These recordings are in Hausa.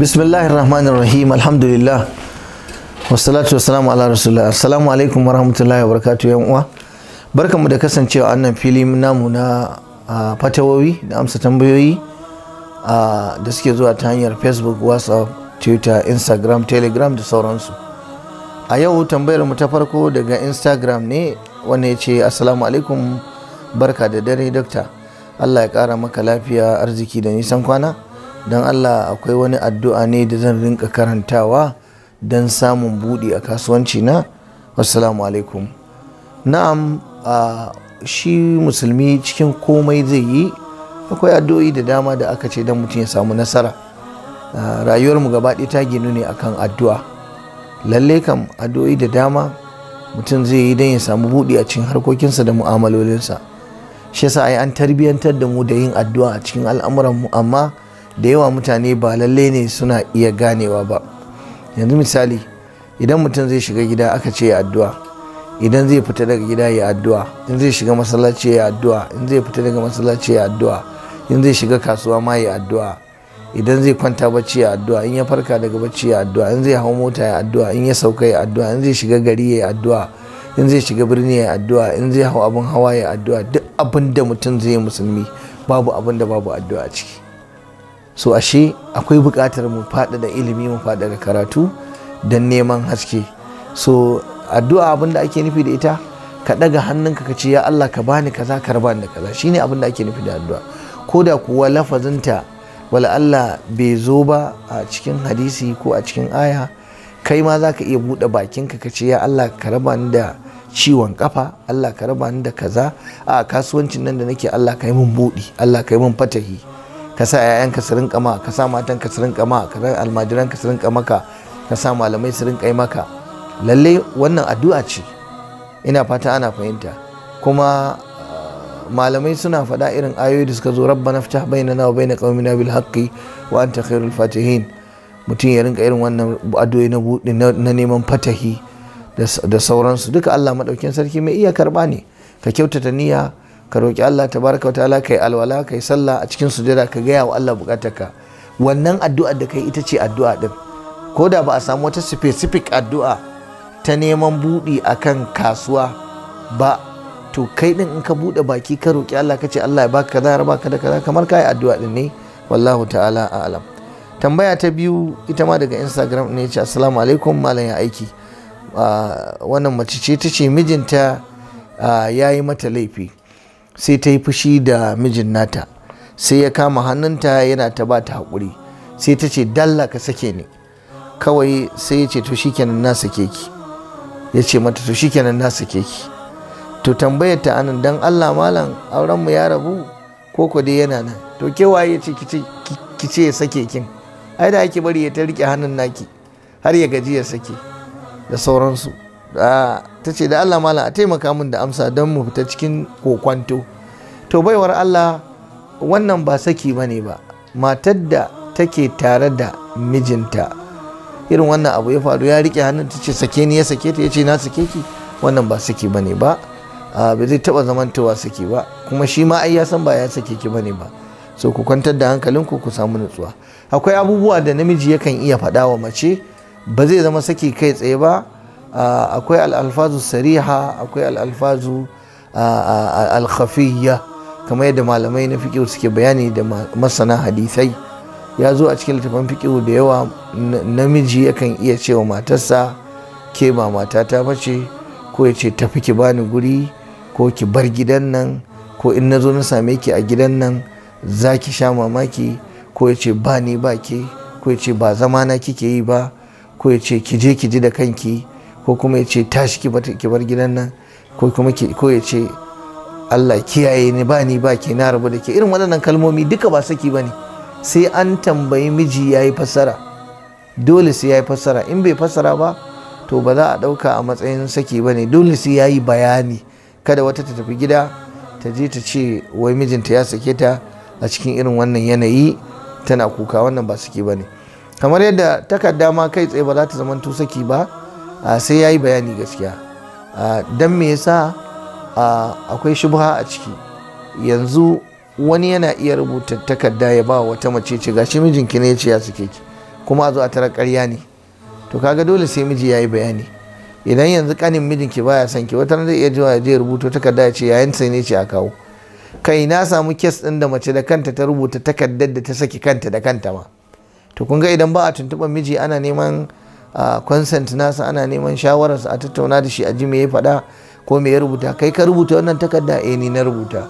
bismillahir rahim alhamdulillah wassalatu wassalamu ala rasulillah assalamu alaikum warahmatullahi wabarakatuh yan uwa barkanmu da kasancewa annan fili namu na fatawowi da amsa tambayoyi da suke zuwa ta hanyar facebook whatsapp twitter instagram telegram da sauransu a yau tambayar mu ta farko daga instagram ne wanda ya ce assalamu alaikum barka da dare dokta allah ya kara maka lafiya arziki da nisan kwana don allah akwai wani addu'a ne da zan rinka karantawa don samun buɗi a kasuwanci na wassalamu alaikum na'am a shi musulmi cikin komai zai yi akwai addu'o'i da dama da aka ce don mutum ya samu nasara rayuwarmu gaba ɗaya ta ginu ne akan addu'a lalle kam addu'o'i da dama mutum zai yi don ya samu buɗi a cikin harkokinsa da mu'amalolinsa shi yasa ai an tarbiyyantar da mu da yin addu'a a cikin al'amuranmu amma da yawa mutane ba lalle ne suna iya ganewa ba yanzu misali idan mutum zai shiga gida aka ce ya addu'a idan zai fita daga gida ya addu'a in zai shiga masallaci ya addu'a in zai fita daga masallaci ya addu'a in zai shiga kasuwa ma ya addu'a idan zai kwanta bacci ya addu'a in ya farka daga bacci ya addu'a in zai hau mota ya addu'a in ya sauka ya addu'a in zai shiga gari ya addu'a in zai shiga birni ya addu'a in zai hau abin hawa ya addu'a duk abin da mutum zai musulmi babu abin da babu addu'a ciki so ashe akwai bukatar mu faɗaɗa ilimi mu faɗaɗa karatu don neman haske so addu'a abin da ake nufi da ita ka ɗaga hannunka ka ce ya Allah ka bani kaza ka raba da kaza shine abin da ake nufi da addu'a ko da kuwa lafazinta wala Allah bai zo ba a cikin hadisi ko a cikin aya kai ma zaka iya buɗe bakin ka ce ya Allah ka raba ni da ciwon kafa Allah ka raba ni da kaza a kasuwancin nan da nake Allah ka yi min buɗi Allah ka yi min fatahi ka sa 'ya'yanka su rinka ma ka sa matanka su rinka ma ka sa almajiranka su rinka maka ka sa malamai su rinka maka lalle wannan addu'a ce ina fata ana fahimta kuma ah, malamai suna faɗa irin ayoyi da suka zo rabba naftah bainana wa baina qaumina bil haqqi wa anta khairul fatihin mutum ya rinka irin wannan addu'a na na neman fatahi da sauransu duka Allah madaukin sarki mai iya karɓa ne ka kyautata niyya ka roƙi Allah tabaraka wa ta'ala kai alwala kai sallah a cikin sujada ka gaya wa Allah ka wannan addu'a da kai ita ce addu'a din ko da ba a samu wata specific addu'a ta neman buɗi akan kasuwa ba to kai din in ka buɗe baki ka roƙi Allah ka ce Allah ya baka kaza ya baka da kaza kamar kai addu'a din ne wallahu ta'ala a'lam tambaya ta biyu ita ma daga instagram ne ce assalamu alaikum malam ya aiki ah, wannan mace ce ta ce mijinta ah, ya yi mata laifi sai ta yi fushi da mijin nata sai ya kama hannunta yana ta ba ta haƙuri sai ta ce dalla ka sake ni kawai sai ya ce to shikenan na sake ki ya ce mata to shikenan na sake ki to tambaya ta anan dan Allah malam auren mu ya rabu ko ko dai yana nan to ke waye ya ce ki ce ya sake kin ai da ake bari ya ta rike hannun naki har ya gaji ya sake da sauransu ta ce da Allah mala a taimaka min da amsa don mu fita cikin kokwanto to baiwar Allah wannan ba saki ba ne ba matar da take tare da mijinta irin wannan abu ya faru ya rike hannun ta ce sake ni ya sake ta ya ce na sake ki wannan ba saki ba ne ba ba zai taba zamantowa saki ba kuma shi ma ai ya san ba ya sake ki ba ne ba so ku kwantar da hankalinku ku samu nutsuwa akwai abubuwa da namiji yakan iya faɗa wa mace ba zai zama saki kai tsaye ba akwai al'alfazu sariha akwai al'alfazu alkhafiyya kamar yadda malamai na fiƙiru suke bayani da masana hadisai ya zo a cikin littafin fiƙiru da yawa namiji yakan iya cewa matarsa ke ba matata ta bace ko ya ce tafi ki bani guri ko ki bar gidan nan ko in na zo na same ki a gidan nan za ki sha mamaki ko ya ce ba ni ba ke ko ya ce ba zamana kike yi ba ko ya ce ki je ki ji da kanki ko kuma ya ce tashi ki bar gidan nan ko kuma ko ya ce Allah kiyaye ni ba ni ba ke na rabu da ke irin waɗannan kalmomi duka ba saki ba ne sai an tambayi miji ya yi fassara dole sai ya yi fassara in bai fassara ba to ba za a ɗauka a matsayin saki ba ne dole sai ya yi bayani kada wata ta tafi gida ta je ta ce wai mijinta ya sake ta a cikin irin wannan yanayi tana kuka wannan ba saki ba ne kamar yadda takarda ma kai tsaye ba za ta zama saki ba sai ya yi bayani gaskiya don me yasa akwai shubha a ciki yanzu wani yana iya rubuta takarda ya ba wata mace ce gashi mijinki ne ya ce ya suke ki kuma a zo a tara ƙarya ne to kaga dole sai miji ya yi bayani idan yanzu kanin mijinki baya son ki wata zai iya jiwa ya je rubuto takarda ya ce yayin sai ne ce a kawo kai na samu kes ɗin da mace da kanta ta rubuta takardar da ta saki kanta da kanta ma to kun ga idan ba a tuntuɓar miji ana neman consent nasa ana neman shawararsa a tattauna da shi a ji me ya faɗa ko me ya rubuta kai ka rubuta wannan takarda eh ni na rubuta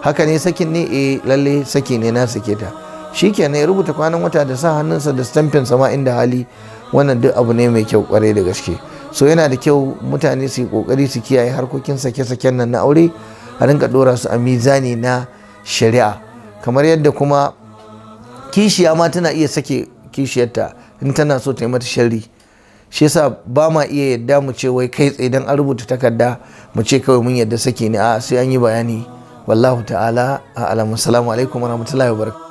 haka ne sakin ne eh lalle saki ne na sake ta shikenan ya rubuta kwanan wata da sa hannunsa da stampin sama inda hali wannan duk abu ne mai kyau kwarai da gaske so yana da kyau mutane su yi kokari su kiyaye harkokin sake-saken nan na aure a rinka dora su a mizani na shari'a kamar yadda kuma kishiya ma tana iya sake kishiyarta in tana so ta yi mata sharri shi yasa ba ma iya yadda mu ce wai kai tsaye dan an rubuta takarda mu ce kawai mun yadda sake ne a sai an yi bayani wallahu ta'ala a'lamu salamu alaikum wa wabarakatuh